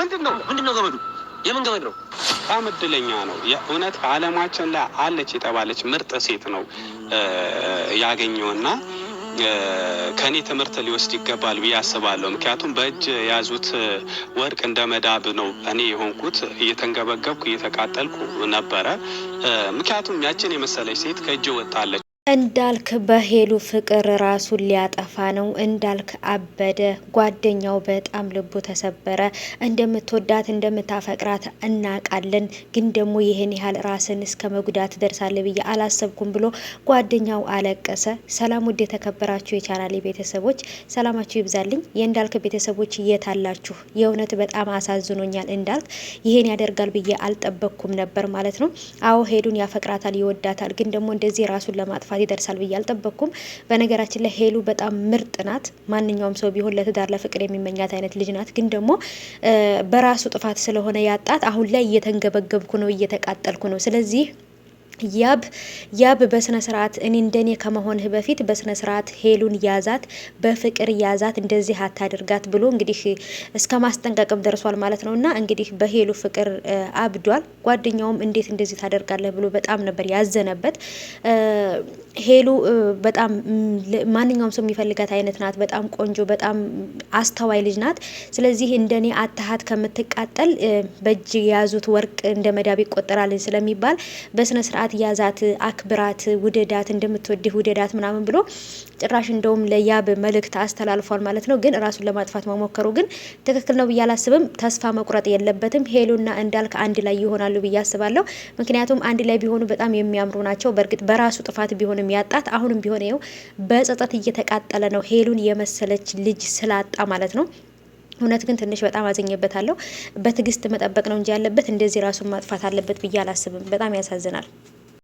ምንድን ነው ምንድን የምን ገመድ ነው? በጣም እድለኛ ነው የእውነት አለማችን ላይ አለች የተባለች ምርጥ ሴት ነው ያገኘውና ከእኔ ትምህርት ሊወስድ ይገባል ብዬ አስባለሁ። ምክንያቱም በእጅ የያዙት ወርቅ እንደ መዳብ ነው። እኔ የሆንኩት እየተንገበገብኩ እየተቃጠልኩ ነበረ። ምክንያቱም ያችን የመሰለች ሴት ከእጅ ወጣለች። እንዳልክ በሄሉ ፍቅር ራሱን ሊያጠፋ ነው። እንዳልክ አበደ። ጓደኛው በጣም ልቡ ተሰበረ። እንደምትወዳት እንደምታፈቅራት እናቃለን፣ ግን ደግሞ ይህን ያህል ራስን እስከ መጉዳት ደርሳለ ብዬ አላሰብኩም ብሎ ጓደኛው አለቀሰ። ሰላም ውድ የተከበራችሁ የቻናሌ ቤተሰቦች ሰላማችሁ ይብዛልኝ። የእንዳልክ ቤተሰቦች የት አላችሁ? የእውነት በጣም አሳዝኖኛል። እንዳልክ ይህን ያደርጋል ብዬ አልጠበቅኩም ነበር ማለት ነው። አዎ ሄሉን ያፈቅራታል፣ ይወዳታል፣ ግን ደግሞ እንደዚህ ራሱን ለማጥፋት ሰዓት ይደርሳል ብዬ አልጠበቅኩም። በነገራችን ላይ ሄሉ በጣም ምርጥ ናት። ማንኛውም ሰው ቢሆን ለትዳር ለፍቅር የሚመኛት አይነት ልጅ ናት። ግን ደግሞ በራሱ ጥፋት ስለሆነ ያጣት አሁን ላይ እየተንገበገብኩ ነው፣ እየተቃጠልኩ ነው። ስለዚህ ያብ ያብ በስነ ስርዓት እኔ እንደኔ ከመሆንህ በፊት በስነ ስርዓት ሄሉን ያዛት፣ በፍቅር ያዛት፣ እንደዚህ አታድርጋት ብሎ እንግዲህ እስከ ማስጠንቀቅም ደርሷል ማለት ነው። እና እንግዲህ በሄሉ ፍቅር አብዷል። ጓደኛውም እንዴት እንደዚህ ታደርጋለህ ብሎ በጣም ነበር ያዘነበት። ሄሉ በጣም ማንኛውም ሰው የሚፈልጋት አይነት ናት። በጣም ቆንጆ፣ በጣም አስተዋይ ልጅ ናት። ስለዚህ እንደኔ አታሀት ከምትቃጠል በእጅ የያዙት ወርቅ እንደ መዳብ ይቆጠራልን ስለሚባል በስነ ስርዓት ያዛት፣ አክብራት፣ ውደዳት፣ እንደምትወድህ ውደዳት ምናምን ብሎ ጭራሽ እንደውም ለያብ መልእክት አስተላልፏል ማለት ነው። ግን ራሱን ለማጥፋት መሞከሩ ግን ትክክል ነው ብዬ አላስብም። ተስፋ መቁረጥ የለበትም። ሄሉና እንዳልክ አንድ ላይ ይሆናሉ ብዬ አስባለሁ። ምክንያቱም አንድ ላይ ቢሆኑ በጣም የሚያምሩ ናቸው። በእርግጥ በራሱ ጥፋት ቢሆንም የሚያጣት። አሁንም ቢሆን ይኸው በጸጸት እየተቃጠለ ነው ሄሉን የመሰለች ልጅ ስላጣ ማለት ነው። እውነት ግን ትንሽ በጣም አዘኘበታለሁ። በትዕግስት መጠበቅ ነው እንጂ ያለበት እንደዚህ ራሱን ማጥፋት አለበት ብዬ አላስብም። በጣም ያሳዝናል።